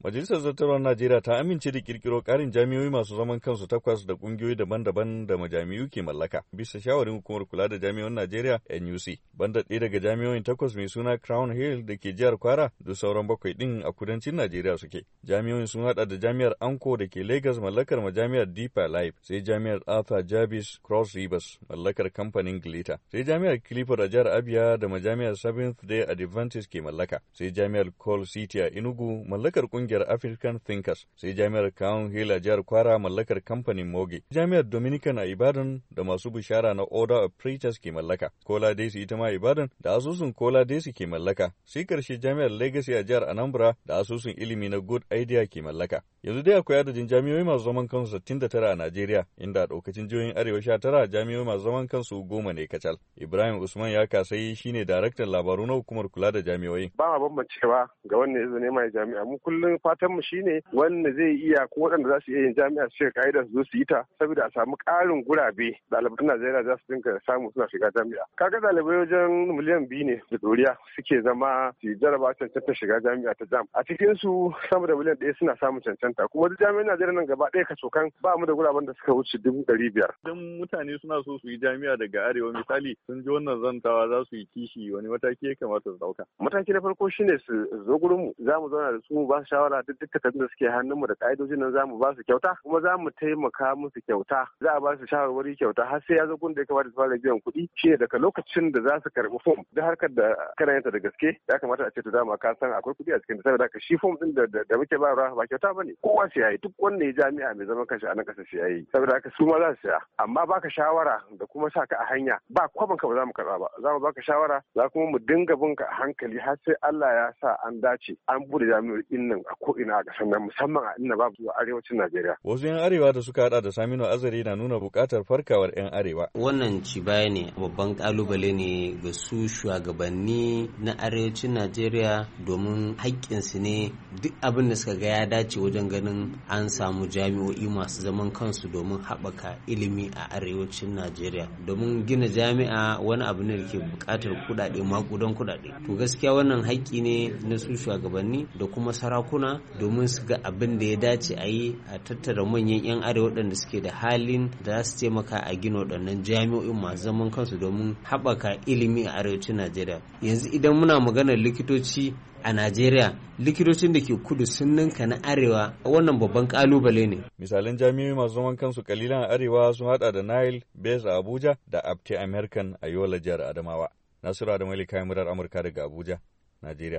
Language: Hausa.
Majalisar Zattarwar Najeriya ta amince da kirkiro karin jami'oi masu zaman kansu takwas da ƙungiyoyi daban-daban da majami'u ke mallaka bisa shawarin hukumar kula da jami'on Najeriya NUC. Banda ɗaya daga jami'oin takwas mai suna Crown Hill da ke jihar Kwara da sauran bakwai ɗin a kudancin Najeriya suke. Jami'oin sun haɗa da jami'ar Anko da ke Lagos mallakar majami'ar Deeper Life sai jami'ar Arthur Jarvis Cross Rivers mallakar kamfanin Glitter sai jami'ar Clifford a jihar Abia da majami'ar Seventh Day Adventist ke mallaka sai jami'ar Col City a Enugu mallakar ƙungiyar kungiyar African Thinkers sai jami'ar Crown Hill a jihar Kwara mallakar kamfanin Moge. Jami'ar Dominican a Ibadan da masu bishara na Order of Preachers ke mallaka. Kola Desi ita ma Ibadan da asusun Kola Desi ke mallaka. Sai karshe jami'ar Legacy a jihar Anambra da asusun ilimi na Good Idea ke mallaka. yanzu dai akwai adadin jami'oi masu zaman kansu 69 a Najeriya inda daukacin jihohin arewa 19 jami'oi masu zaman kansu goma ne kacal. Ibrahim Usman ya kasai shine daraktan labaru na hukumar kula da jami'oi. Ba ma bambancewa ga wanda ya mai jami'a mu kullum fatan mu shine wanda zai iya ko waɗanda za su iya yin jami'a su shiga ka'idar su zo su yi ta saboda a samu ƙarin gurabe ɗaliban Najeriya za su dinga samu suna shiga jami'a. Kaga dalibai wajen miliyan biyu ne da doriya suke zama su jaraba cancanta shiga jami'a ta jam. A cikin su sama da miliyan ɗaya suna samun cancanta. fuskanta kuma duk jami'an Najeriya nan gaba ɗaya kaso kan ba mu da guraben da suka wuce dubu ɗari biyar. Idan mutane suna so su yi jami'a daga arewa misali sun ji wannan zantawa za su yi kishi wani mataki ya kamata su ɗauka. Mataki na farko shine su zo gurin mu za mu zauna da su mu ba su shawara duk duk takardun da suke hannun mu da ƙa'idojin nan za mu ba su kyauta kuma za mu taimaka musu kyauta za a ba su shawarwari kyauta har sai ya zo gun da ya kamata su fara biyan kuɗi shine daga lokacin da za su karɓi fom da harkar da kana yanta da gaske ya kamata a ce to dama ka san akwai kuɗi a cikin da saboda haka shi fom ɗin da muke ba ba kyauta ba ne kowa siya yi duk wanda ya jami'a mai zaman kanshi a nan kasa siya yi saboda haka su ma za su siya amma baka shawara da kuma sa ka a hanya ba kwaban ka ba za mu karba ba za mu baka shawara za kuma mu dinga bin ka hankali har sai Allah ya sa an dace an bude jami'ar nan a ko ina a kasar nan musamman a inda babu zuwa arewacin Najeriya wasu 'yan arewa da suka hada da Saminu Azari na nuna buƙatar farkawar 'yan arewa wannan ci baya ne babban kalubale ne ga su shugabanni na arewacin Najeriya domin haƙƙinsu ne duk abin da suka ga ya dace wajen ganin an samu jami'o'i masu zaman kansu domin haɓaka ilimi a arewacin najeriya domin gina jami'a wani abu ne da ke buƙatar kuɗaɗe maƙudan kuɗaɗe to gaskiya wannan haƙƙi ne na su shugabanni da kuma sarakuna domin su ga abin da ya dace a yi a tattara manyan 'yan arewa waɗanda suke da halin da za su taimaka a gina waɗannan jami'o'i masu zaman kansu domin haɓaka ilimi a arewacin najeriya yanzu idan muna maganar likitoci a Najeriya likitocin da ke kudu sun ninka na arewa a wannan babban kalubale ne. Misalan jami'o'i masu zaman kansu kalilan arewa sun hada da Nile, Base a Abuja da Apti American a Yola jihar Adamawa. Nasiru Adamu Ali kayan murar Amurka daga Abuja, Najeriya.